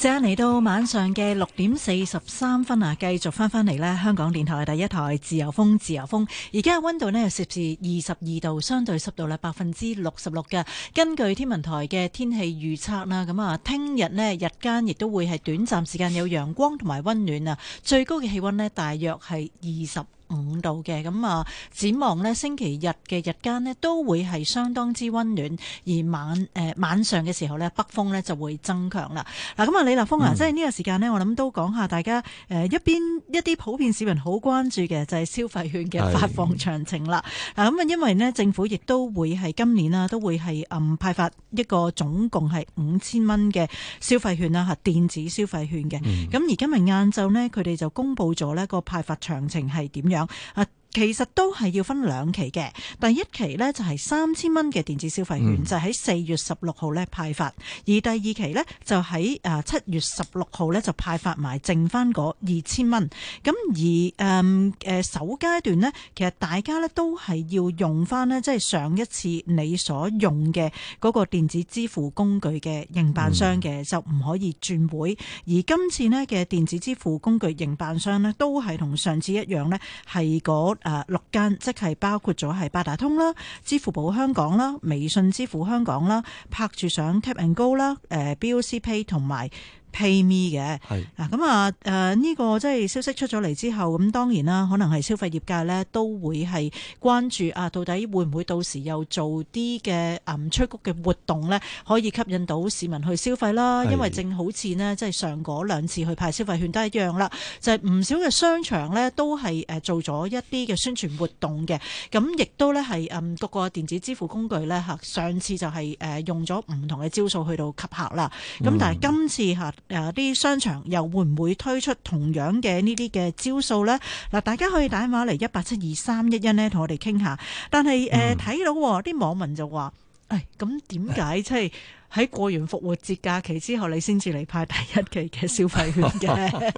正嚟到晚上嘅六點四十三分啊，繼續翻翻嚟呢，香港電台第一台自由風，自由風。而家嘅溫度咧，攝氏二十二度，相對濕度咧，百分之六十六㗎。根據天文台嘅天氣預測啦，咁啊，聽日呢日間亦都會係短暫時間有陽光同埋溫暖啊，最高嘅氣溫呢，大約係二十。五度嘅，咁啊，展、呃、望咧星期日嘅日間咧都會係相當之溫暖，而晚誒、呃、晚上嘅時候咧北風咧就會增強啦。嗱咁啊，李立峰啊、嗯，即係呢個時間咧，我諗都講下大家誒、呃、一邊一啲普遍市民好關注嘅就係消費券嘅發放詳情啦。嗱咁啊，因為咧政府亦都會，係今年啦、啊，都會，係嗯派發一個總共係五千蚊嘅消費券啦，吓電子消費券嘅。咁、嗯、而今日晏晝咧，佢哋就公布咗咧個派發詳情係點樣。啊。其實都係要分兩期嘅，第一期呢，就係三千蚊嘅電子消費券、嗯，就喺、是、四月十六號咧派發，而第二期呢，就喺七月十六號呢就派發埋剩翻嗰二千蚊。咁而誒、嗯、首階段呢，其實大家呢都係要用翻呢，即係上一次你所用嘅嗰個電子支付工具嘅營辦商嘅、嗯，就唔可以轉會。而今次呢嘅電子支付工具營辦商呢，都係同上次一樣呢，係嗰。誒六間，即係包括咗係八達通啦、支付寶香港啦、微信支付香港啦、拍住賞 Tap and Go 啦、誒 BoC Pay 同埋 Pay me 嘅，嗱咁啊誒呢、呃這個即係消息出咗嚟之後，咁當然啦，可能係消費業界呢都會係關注啊，到底會唔會到時又做啲嘅誒催谷嘅活動呢？可以吸引到市民去消費啦。因為正好似呢，即係上嗰兩次去派消費券都係一樣啦，就係、是、唔少嘅商場呢都係做咗一啲嘅宣傳活動嘅，咁亦都呢係嗯各個電子支付工具呢。吓上次就係用咗唔同嘅招數去到吸客啦，咁但係今次、嗯誒啲商場又會唔會推出同樣嘅呢啲嘅招數咧？嗱，大家可以打電話嚟一八七二三一一呢，同我哋傾下。但係誒睇到啲網民就話：誒咁點解即係喺過完復活節假期之後，你先至嚟派第一期嘅消費券嘅？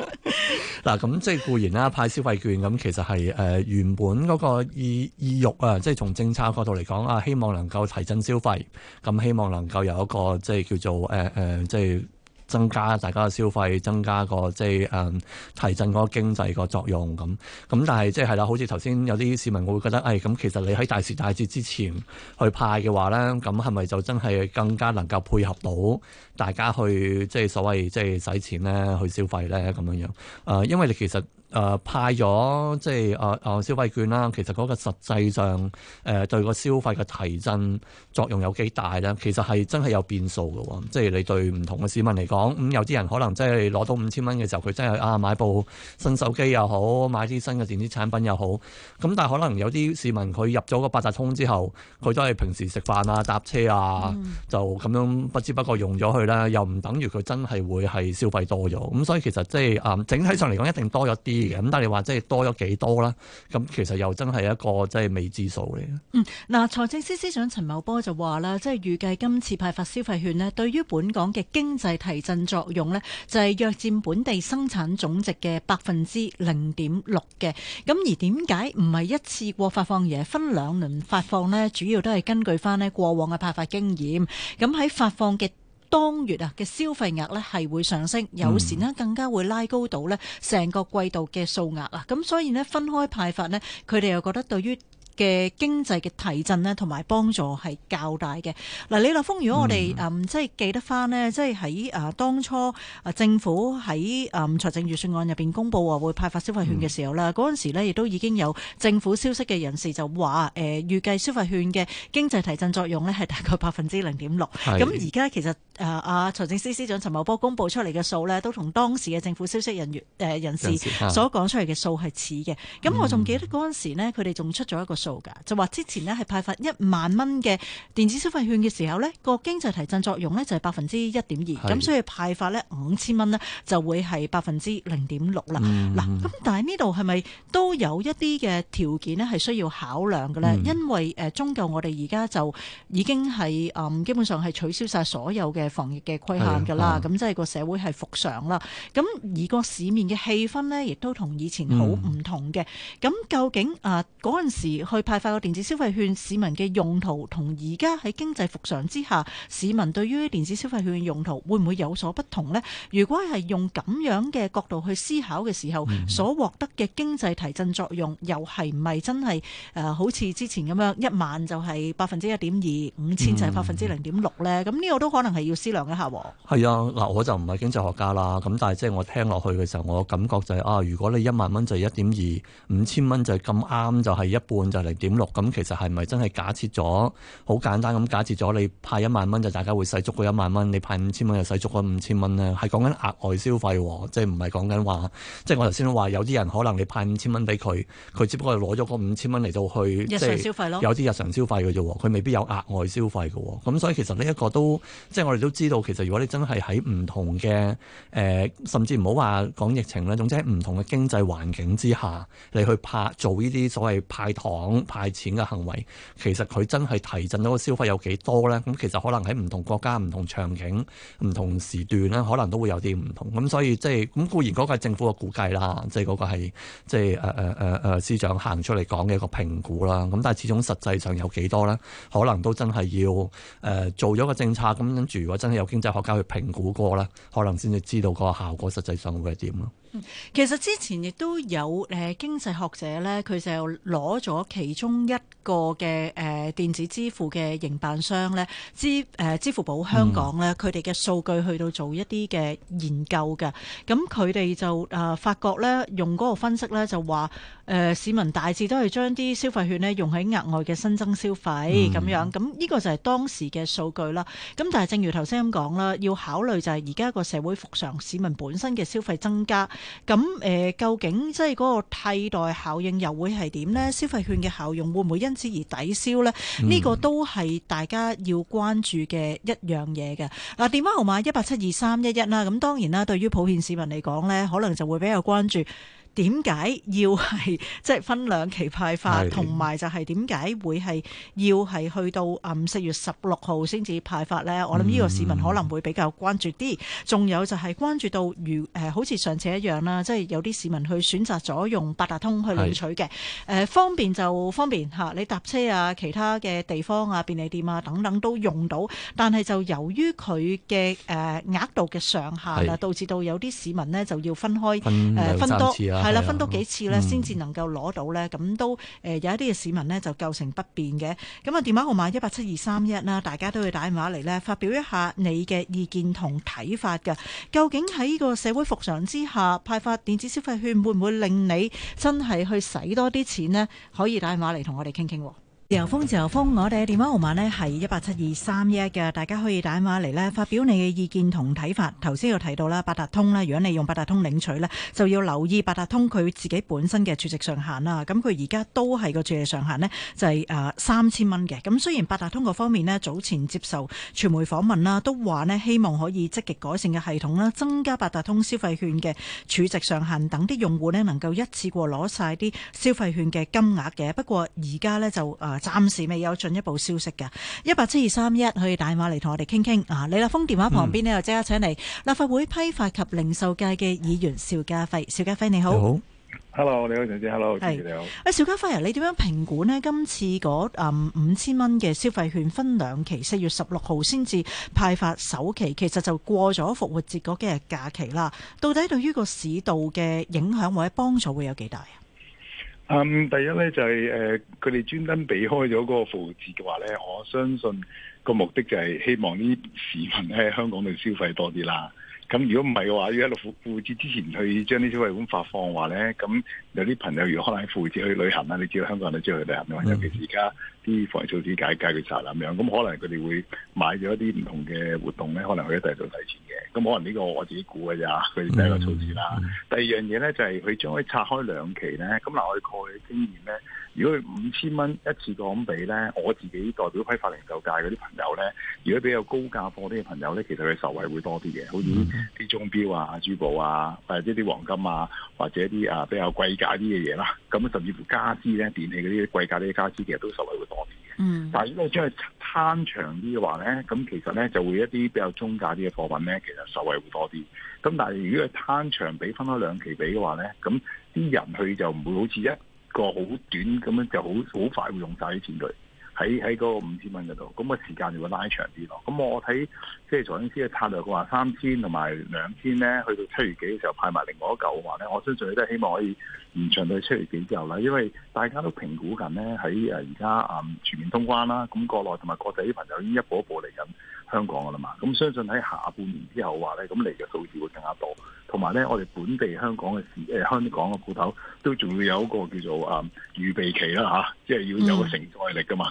嗱，咁即係固然啦，派消費券咁其實係誒原本嗰個意意欲啊，即係從政策角度嚟講啊，希望能夠提振消費，咁希望能夠有一個即係叫做誒誒、呃、即係。增加大家嘅消費，增加個即係誒提振嗰個經濟個作用咁。咁但係即係係啦，好似頭先有啲市民會覺得，誒、哎，咁其實你喺大，大時大節之前去派嘅話咧，咁係咪就真係更加能夠配合到大家去即係所謂即係使錢咧去消費咧咁樣樣誒，因為你其實。誒、呃、派咗即係誒、呃、消費券啦，其實嗰個實際上誒、呃、對個消費嘅提振作用有幾大咧？其實係真係有變數嘅喎，即係你對唔同嘅市民嚟講，咁、嗯、有啲人可能即係攞到五千蚊嘅時候，佢真係啊買部新手機又好，買啲新嘅電子產品又好。咁但係可能有啲市民佢入咗個八達通之後，佢都係平時食飯啊、搭車啊，嗯、就咁樣不知不覺用咗去啦，又唔等於佢真係會係消費多咗。咁、嗯、所以其實即係啊、嗯、整體上嚟講一定多咗啲。咁但係你話即係多咗幾多啦，咁其實又真係一個即係未知數嚟嘅。嗯，嗱，財政司司長陳茂波就話啦，即係預計今次派發消費券呢，對於本港嘅經濟提振作用呢就係、是、約佔本地生產總值嘅百分之零點六嘅。咁而點解唔係一次過發放而係分兩輪發放呢？主要都係根據翻呢過往嘅派發經驗。咁喺發放嘅當月啊嘅消費額咧係會上升，有時咧更加會拉高到咧成個季度嘅數額啊，咁所以咧分開派發咧，佢哋又覺得對於嘅經濟嘅提振呢，同埋幫助係較大嘅。嗱，李立峰，如果我哋誒、嗯、即係記得翻呢，即係喺誒當初誒政府喺誒財政預算案入邊公佈話會派發消費券嘅時候啦，嗰、嗯、陣時咧亦都已經有政府消息嘅人士就話誒、呃、預計消費券嘅經濟提振作用呢係大概百分之零點六。咁而家其實誒阿、啊、財政司司長陳茂波公佈出嚟嘅數呢，都同當時嘅政府消息人員誒、呃、人士所講出嚟嘅數係似嘅。咁我仲記得嗰陣時咧，佢哋仲出咗一個數。就話之前呢係派發一萬蚊嘅電子消費券嘅時候呢，個經濟提振作用呢就係百分之一點二，咁所以派發呢五千蚊呢就會係百分之零點六啦。嗱，咁、嗯、但係呢度係咪都有一啲嘅條件呢係需要考量嘅呢、嗯？因為誒，終究我哋而家就已經係誒基本上係取消晒所有嘅防疫嘅規限㗎啦，咁、嗯、即係個社會係復常啦。咁而個市面嘅氣氛呢，亦都同以前好唔同嘅。咁、嗯、究竟啊嗰陣時，去派發個電子消費券，市民嘅用途同而家喺經濟復常之下，市民對於電子消費券用途會唔會有所不同呢？如果係用咁樣嘅角度去思考嘅時候、嗯，所獲得嘅經濟提振作用，又係唔係真係誒、呃、好似之前咁樣一萬就係百分之一點二，五千就係百分之零點六呢？咁呢個都可能係要思量一下。係啊，嗱，我就唔係經濟學家啦。咁但係即係我聽落去嘅時候，我感覺就係、是、啊，如果你一萬蚊就係一點二，五千蚊就係咁啱就係、是、一半就係，零點六。咁，其實係咪真係假設咗好簡單咁，假設咗你派一萬蚊就大家會使足嗰一萬蚊，你派五千蚊就使足嗰五千蚊咧？係講緊額外消費，即係唔係講緊話，即係我頭先都話有啲人可能你派五千蚊俾佢，佢只不過攞咗嗰五千蚊嚟到去日常消費咯，即係有啲日常消費嘅啫，佢未必有額外消費嘅。咁所以其實呢一個都即係我哋都知道，其實如果你真係喺唔同嘅誒、呃，甚至唔好話講疫情咧，總之喺唔同嘅經濟環境之下你去派做呢啲所謂派糖。派錢嘅行為，其實佢真係提振到個消費有幾多咧？咁其實可能喺唔同國家、唔同場景、唔同時段咧，可能都會有啲唔同。咁所以即係咁固然嗰個係政府嘅估計啦，即係嗰個係即係誒誒誒誒司長行出嚟講嘅一個評估啦。咁但係始終實際上有幾多咧？可能都真係要誒、呃、做咗個政策，咁跟住如果真係有經濟學家去評估過咧，可能先至知道個效果實際上會係點咯。其實之前亦都有誒經濟學者咧，佢就攞咗其中一個嘅誒電子支付嘅營辦商咧，支誒支付寶香港咧，佢哋嘅數據去到做一啲嘅研究嘅。咁佢哋就啊發覺咧，用嗰個分析咧，就話誒市民大致都係將啲消費券呢用喺額外嘅新增消費咁、嗯、樣。咁呢個就係當時嘅數據啦。咁但係正如頭先咁講啦，要考慮就係而家個社會復常，市民本身嘅消費增加。咁誒，究竟即係嗰個替代效應又會係點呢？消費券嘅效用會唔會因此而抵消呢？呢個都係大家要關注嘅一樣嘢嘅。嗱，電話號碼一八七二三一一啦。咁當然啦，對於普遍市民嚟講呢，可能就會比較關注。點解要係即係分兩期派發，同埋就係點解會係要係去到四月十六號先至派發呢？嗯、我諗呢個市民可能會比較關注啲。仲有就係關注到如，如、呃、好似上次一樣啦，即係有啲市民去選擇咗用八達通去領取嘅、呃、方便就方便、啊、你搭車啊、其他嘅地方啊、便利店啊等等都用到。但係就由於佢嘅誒額度嘅上限啊，導致到有啲市民呢就要分開、呃、分多。係啦，分多幾次咧，先至能夠攞到咧，咁都誒有一啲嘅市民呢，就構成不便嘅。咁啊電話號碼一八七二三一啦，大家都會打電話嚟咧，發表一下你嘅意見同睇法㗎。究竟喺呢個社會復常之下，派發電子消費券會唔會令你真係去使多啲錢呢？可以打電話嚟同我哋傾傾。自由風，自由風，我哋嘅電話號碼呢係一八七二三一嘅，大家可以打電話嚟呢發表你嘅意見同睇法。頭先有提到啦，八達通呢，如果你用八達通領取呢，就要留意八達通佢自己本身嘅儲值上限啦。咁佢而家都係個儲值上限呢，就係誒三千蚊嘅。咁雖然八達通嗰方面呢，早前接受傳媒訪問啦，都話呢希望可以積極改善嘅系統啦，增加八達通消費券嘅儲值上限，等啲用戶呢能夠一次過攞晒啲消費券嘅金額嘅。不過而家呢，就誒。暫時未有進一步消息嘅，一八七二三一可以打電話嚟同我哋傾傾。啊，李立峰電話旁邊呢，又即刻請嚟立法會批發及零售界嘅議員邵家輝。邵家輝你好，好，hello，你好，陳姐，hello，你好。誒，邵家輝，你點樣評估呢？今次嗰五千蚊嘅消費券分兩期，四月十六號先至派發首期，其實就過咗復活節嗰幾日假期啦。到底對於個市道嘅影響或者幫助會有幾大？嗯，第一咧就係、是、誒，佢、呃、哋專登避開咗嗰個負字嘅話咧，我相信個目的就係希望呢啲市民咧，香港度消費多啲啦。咁如果唔係嘅話，要一路付付之前去將啲消費券發放嘅話咧，咁有啲朋友如可能負責去旅行啊，你知道香港人都中意去旅行嘅，尤其是而家啲防疫措施解解決晒咁樣，咁可能佢哋會買咗一啲唔同嘅活動咧，可能佢一定就提前嘅，咁可能呢個我自己估嘅咋，佢第一個措施啦，第二樣嘢咧就係、是、佢將佢拆開兩期咧，咁嗱我哋過去經驗咧。如果佢五千蚊一次過咁俾咧，我自己代表批發零售界嗰啲朋友咧，如果比較高價貨啲嘅朋友咧，其實佢受惠會多啲嘅，好似啲鐘錶啊、珠寶啊，或者啲黃金啊，或者啲啊比較貴價啲嘅嘢啦。咁甚至乎家俬咧、電器嗰啲貴價啲嘅家俬，其實都受惠會多啲嘅。但係如果將佢攤長啲嘅話咧，咁其實咧就會一啲比較中價啲嘅貨品咧，其實受惠會多啲。咁但係如果佢攤長俾分開兩期俾嘅話咧，咁啲人去就唔會好似一。一個好短，咁樣就好好快會用曬啲錢佢。喺喺嗰五千蚊嗰度，咁、那、啊、個、時間就會拉長啲咯。咁我睇即係財政司嘅策略，佢話三千同埋兩千咧，去到七月幾嘅時候派埋另外一嚿話咧，我相信你都希望可以延長到七月幾之後啦。因為大家都評估緊咧喺誒而家誒全面通關啦，咁國內同埋國際啲朋友已經一步一步嚟緊香港噶啦嘛。咁相信喺下半年之後的話咧，咁嚟嘅數字會更加多。同埋咧，我哋本地香港嘅誒、呃、香港嘅鋪頭都仲要有一個叫做誒、嗯、預備期啦嚇、啊，即係要有個承載力噶嘛。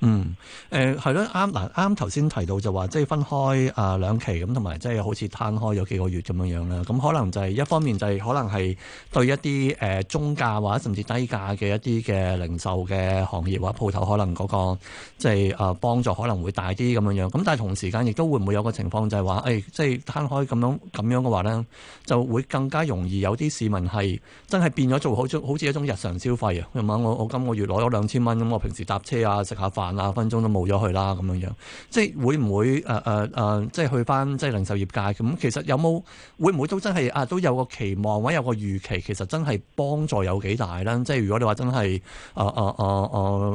嗯，誒係咯，啱嗱，啱頭先提到就話，即係分開啊兩期咁，同埋即係好似攤開有幾個月咁樣樣啦。咁可能就係、是、一方面就係、是、可能係對一啲誒、呃、中價或者甚至低價嘅一啲嘅零售嘅行業或者鋪頭可能嗰、那個、即係誒幫助可能會大啲咁樣樣，咁但係同時間亦都會唔會有個情況就係、哎、話誒即係攤開咁樣咁樣嘅話咧，就會更加容易有啲市民係真係變咗做好種好似一種日常消費啊。咁啊，我我今個月攞咗兩千蚊，咁我平時搭車啊，食下飯。萬廿分鐘都冇咗佢啦，咁樣樣，即係會唔會誒誒誒，即係去翻即係零售業界咁？其實有冇會唔會都真係啊？都有個期望或者有個預期，其實真係幫助有幾大啦。即係如果你話真係誒誒誒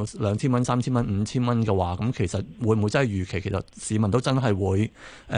誒兩千蚊，三千蚊，五千蚊嘅話，咁其實會唔會真係預期？其實市民都真係會誒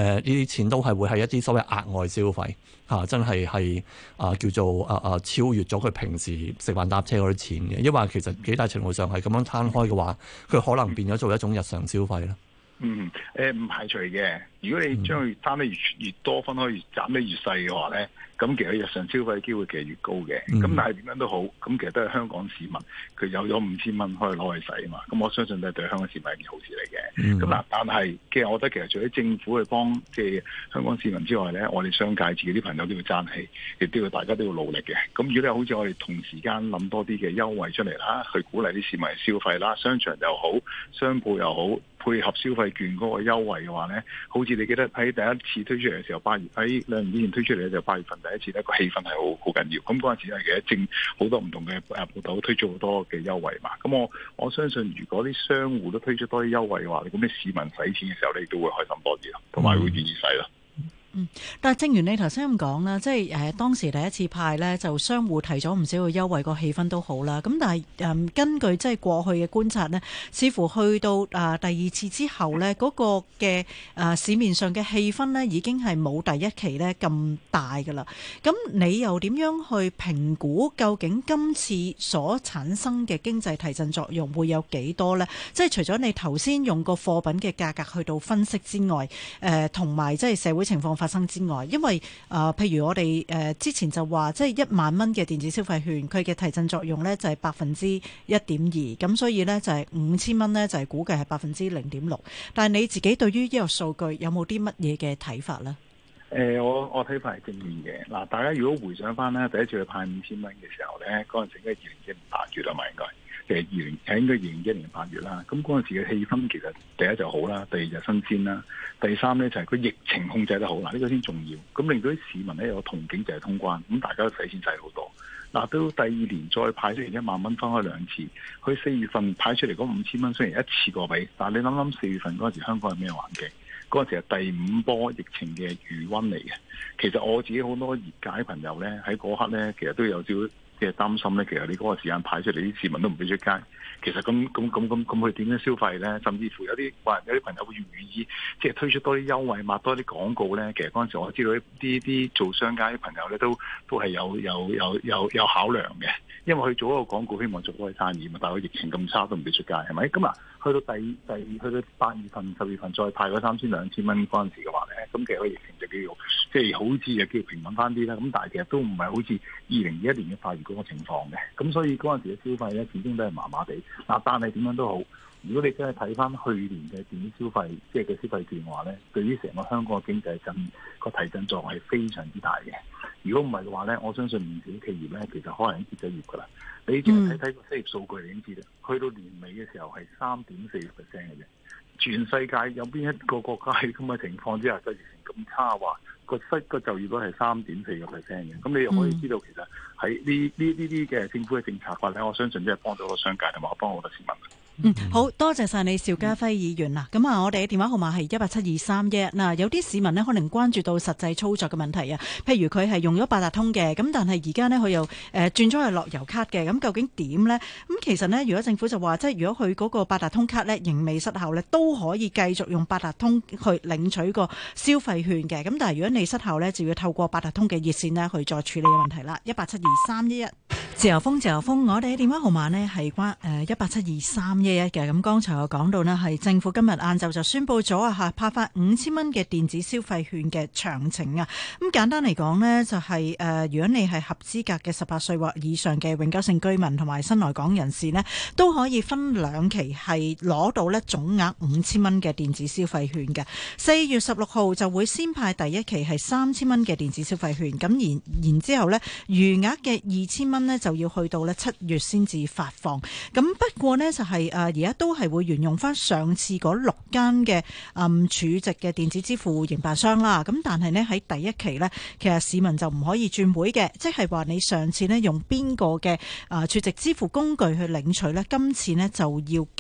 呢啲錢都係會係一啲所謂額外消費。啊、真係係啊，叫做啊啊，超越咗佢平時食飯搭車嗰啲錢嘅，因為其實幾大程度上係咁樣攤開嘅話，佢可能變咗做一種日常消費啦。嗯，誒、呃、唔排除嘅。如果你將佢攤得越越，越多，越多越分開越斬得越細嘅話咧，咁其實日常消費嘅機會其實越高嘅。咁、嗯、但係點樣都好，咁其實都係香港市民佢有咗五千蚊可以攞去使啊嘛。咁我相信都係對香港市民係一件好事嚟嘅。咁、嗯、嗱，但係其實我覺得其實除咗政府去幫即係、就是、香港市民之外咧，我哋商界自己啲朋友都要爭氣，亦都要大家都要努力嘅。咁如果你好似我哋同時間諗多啲嘅優惠出嚟啦，去鼓勵啲市民消費啦，商場又好，商鋪又好。配合消費券嗰個優惠嘅話咧，好似你記得喺第一次推出嚟嘅時候，八月喺兩年之前推出嚟咧，就八月份第一次咧、個氣氛係好好緊要。咁嗰陣時其實，正好多唔同嘅誒鋪頭推出好多嘅優惠嘛。咁我我相信，如果啲商戶都推出多啲優惠嘅話，咁啲市民使錢嘅時候咧都會開心多啲，同埋會願意使咯。嗯嗯，但係正如你頭先咁講啦，即係誒當時第一次派呢，就相互提咗唔少嘅優惠的氣，個氣氛都好啦。咁但係誒根據即係過去嘅觀察呢，似乎去到誒第二次之後呢，嗰、嗰個嘅誒、啊、市面上嘅氣氛呢，已經係冇第一期呢咁大噶啦。咁你又點樣去評估究竟今次所產生嘅經濟提振作用會有幾多呢？即係除咗你頭先用個貨品嘅價格去到分析之外，誒同埋即係社會情況。發生之外，因為誒、呃，譬如我哋誒、呃、之前就話，即係一萬蚊嘅電子消費券，佢嘅提振作用呢就係百分之一點二，咁所以呢，就係五千蚊呢，就係、是、估計係百分之零點六。但係你自己對於呢個數據有冇啲乜嘢嘅睇法呢？誒、呃，我我睇法係正面嘅。嗱，大家如果回想翻呢，第一次去派五千蚊嘅時候呢，嗰陣時都係二零二零打住啦嘛，應該。誒二零，係應該二零二一年八月啦。咁嗰陣時嘅氣氛其實第一就好啦，第二就新鮮啦，第三呢就係佢疫情控制得好啦，呢個先重要。咁令到啲市民呢有個同境就係通關，咁大家都使錢使好多。嗱，到第二年再派出嚟一萬蚊分開兩次，佢四月份派出嚟嗰五千蚊雖然一次過俾，但係你諗諗四月份嗰陣時香港係咩環境？嗰陣時係第五波疫情嘅餘温嚟嘅。其實我自己好多業界朋友呢，喺嗰刻呢，其實都有少。即係擔心咧，其實你嗰個時間派出嚟，啲市民都唔俾出街。其實咁咁咁咁咁，佢點樣消費咧？甚至乎有啲話，有啲朋友會願意即係推出多啲優惠嘛，抹多啲廣告咧。其實嗰陣時我知道啲啲做商家啲朋友咧，都都係有有有有有考量嘅，因為佢做一個廣告，希望做多啲生意嘛。但係疫情咁差，都唔俾出街，係咪？咁啊，去到第二第二去到八月份、十月份再派嗰三千兩千蚊嗰陣時嘅話。咁其實個疫情就叫做即係好似又叫平穩翻啲啦，咁但係其實都唔係好似二零二一年嘅肺炎嗰個情況嘅，咁所以嗰陣時嘅消費咧始終都係麻麻地。嗱，但係點樣都好，如果你真係睇翻去年嘅電子消費，即係個消費券嘅話咧，對於成個香港嘅經濟震、嗰個提振作用係非常之大嘅。如果唔係嘅話咧，我相信唔少企業咧其實可能已經結咗業噶啦。你只要睇睇個失業數據，你已經知啦。去到年尾嘅時候係三點四 percent 嘅啫。全世界有邊一個國家喺咁嘅情況之下，就業率咁差話，話個失個就業率係三點四個 percent 嘅，咁你又可以知道其實喺呢呢呢啲嘅政府嘅政策法咧，我相信即係幫到個商界同埋幫好多市民。嗯，好多謝晒你邵家輝議員咁啊，嗯，我哋嘅電話號碼係一八七二三一。嗱，有啲市民呢可能關注到實際操作嘅問題啊，譬如佢係用咗八達通嘅，咁但係而家呢，佢又誒轉咗去樂悠咭嘅，咁究竟點呢？咁其實呢，如果政府就話即係如果佢嗰個八達通卡呢，仍未失效呢，都可以繼續用八達通去領取個消費券嘅。咁但係如果你失效呢，就要透過八達通嘅熱線呢，去再處理問題啦。一八七二三一一。自由風，自由風，我哋嘅電話號碼呢係關誒一八七二三。咁、嗯，剛才我講到呢係政府今日晏晝就宣布咗啊吓派發五千蚊嘅電子消費券嘅詳情啊。咁簡單嚟講呢就係、是、誒、呃，如果你係合資格嘅十八歲或以上嘅永久性居民同埋新來港人士呢，都可以分兩期係攞到呢總額五千蚊嘅電子消費券嘅。四月十六號就會先派第一期係三千蚊嘅電子消費券，咁然然之後呢，餘額嘅二千蚊呢，元就要去到呢七月先至發放。咁不過呢，就係、是。啊，而家都係會沿用翻上次嗰六間嘅啊儲值嘅電子支付營辦商啦。咁但係呢，喺第一期呢，其實市民就唔可以轉會嘅，即係話你上次呢用邊個嘅啊儲值支付工具去領取呢，今次呢，就要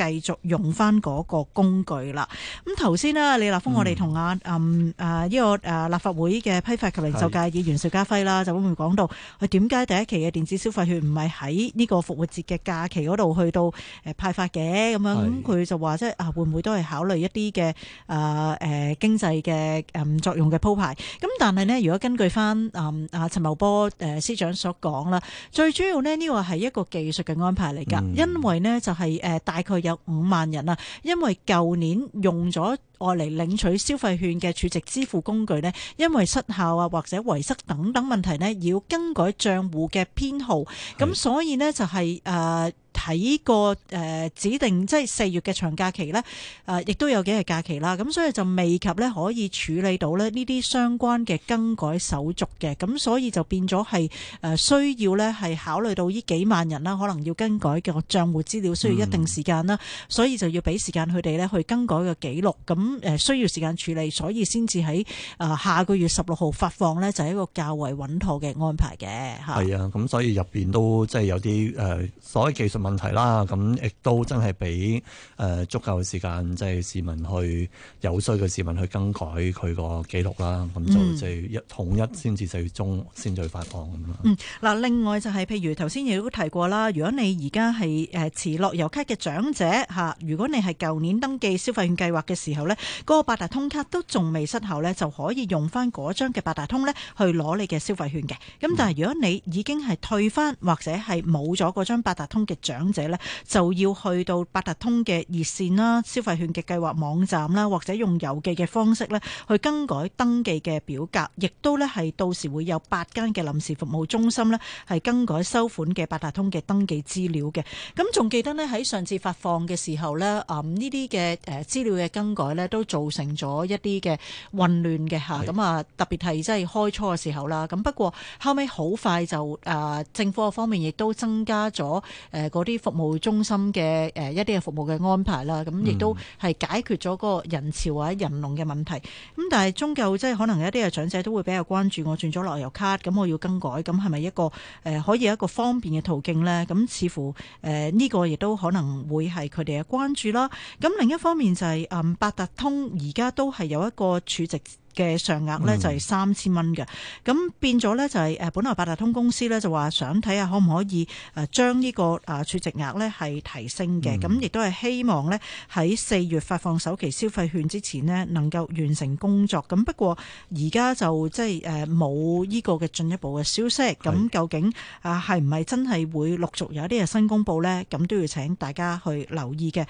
繼續用翻嗰個工具啦。咁頭先呢，李立峰我哋同啊、嗯嗯、啊啊呢、呢個啊立法會嘅批發及零售界議員邵家輝啦，就會講到佢點解第一期嘅電子消費券唔係喺呢個復活節嘅假期嗰度去到誒、呃、派發嘅？咁樣，咁佢就話即係啊，會唔會都係考慮一啲嘅啊？誒，經濟嘅誒作用嘅鋪排。咁但係呢，如果根據翻誒啊陳茂波誒司長所講啦，最主要呢，呢個係一個技術嘅安排嚟㗎，因為呢，就係誒大概有五萬人啦，因為舊年用咗外嚟領取消費券嘅儲值支付工具呢，因為失效啊或者遺失等等問題呢，要更改賬戶嘅編號，咁所以呢，就係誒。喺個誒指定即係四月嘅長假期咧，誒亦都有幾日假期啦，咁所以就未及咧可以處理到咧呢啲相關嘅更改手續嘅，咁所以就變咗係誒需要咧係考慮到呢幾萬人啦，可能要更改嘅帳戶資料需要一定時間啦，所以就要俾時間佢哋咧去更改嘅記錄，咁誒需要時間處理，所以先至喺誒下個月十六號發放呢，就係一個較為穩妥嘅安排嘅嚇。係啊，咁所以入邊都即係有啲誒所謂技術問。問題啦，咁亦都真係俾足夠嘅時間，即、就、係、是、市民去有需嘅市民去更改佢個記錄啦，咁、嗯、就即係統一先至四月中先至、嗯、發放咁嗯，嗱，另外就係、是、譬如頭先亦都提過啦，如果你而家係持樂悠卡嘅長者，如果你係舊年登記消費券計劃嘅時候呢，嗰、那個八達通卡都仲未失效呢，就可以用翻嗰張嘅八達通呢去攞你嘅消費券嘅。咁但係如果你已經係退翻或者係冇咗嗰張八達通嘅長者。長者咧就要去到八達通嘅熱線啦、消費券嘅計劃網站啦，或者用郵寄嘅方式咧去更改登記嘅表格，亦都咧係到時會有八間嘅臨時服務中心咧係更改收款嘅八達通嘅登記資料嘅。咁仲記得咧喺上次發放嘅時候咧，啊呢啲嘅誒資料嘅更改咧都造成咗一啲嘅混亂嘅吓，咁啊特別係即係開初嘅時候啦。咁不過後尾好快就誒政府嘅方面亦都增加咗誒嗰啲。啲服務中心嘅誒一啲嘅服務嘅安排啦，咁亦都係解決咗個人潮或者人龍嘅問題。咁但係終究即係可能有一啲嘅長者都會比較關注，我轉咗落游卡，咁我要更改，咁係咪一個誒、呃、可以有一個方便嘅途徑咧？咁似乎誒呢、呃這個亦都可能會係佢哋嘅關注啦。咁另一方面就係、是、誒、嗯、八達通而家都係有一個儲值。嘅上額呢就係三千蚊嘅，咁、嗯、變咗呢，就係本來八達通公司呢，就話想睇下可唔可以將呢個誒儲值額呢係提升嘅，咁、嗯、亦都係希望呢，喺四月發放首期消費券之前呢，能夠完成工作，咁不過而家就即係冇呢個嘅進一步嘅消息，咁究竟啊係唔係真係會陸續有一啲嘅新公佈呢？咁都要請大家去留意嘅。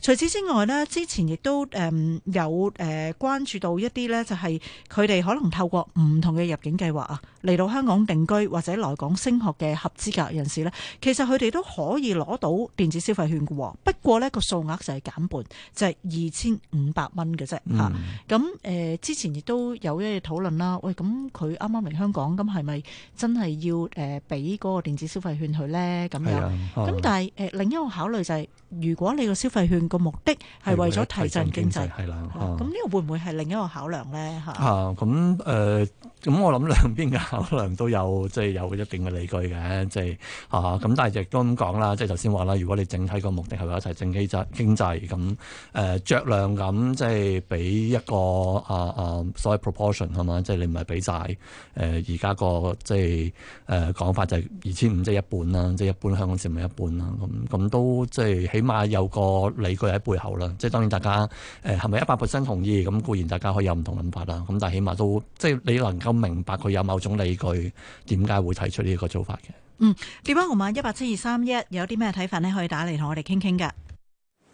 除此之外呢，之前亦都有誒關注到一啲呢。就係、是。係佢哋可能透過唔同嘅入境計劃啊，嚟到香港定居或者來港升學嘅合資格人士呢，其實佢哋都可以攞到電子消費券嘅。不過呢個數額就係減半，就係二千五百蚊嘅啫。吓咁誒，之前亦都有一啲討論啦。喂，咁佢啱啱嚟香港，咁係咪真係要誒俾嗰個電子消費券佢呢？咁樣咁，但係誒另一個考慮就係，如果你個消費券個目的係為咗提振經濟，係啦，咁呢個會唔會係另一個考量呢？咁誒咁，我諗兩邊嘅考量都有，即係有一定嘅理據嘅，即係咁、啊。但係亦都咁講啦，即係頭先話啦，如果你整體個目的係話一齊整經濟咁誒，酌、呃、量咁即係俾一個啊啊所謂 proportion 係嘛，即係你唔係俾晒誒而家個即係誒講法就係二千五即係一半啦，即係一半香港市民一半啦。咁咁都即係起碼有個理據喺背後啦。即係當然大家係咪一百 percent 同意咁？固然大家可以有唔同諗法。嗱，咁但係起碼都即係你能夠明白佢有某種理據，點解會提出呢個做法嘅。嗯，電話號碼一八七二三一，有啲咩睇法呢？可以打嚟同我哋傾傾㗎。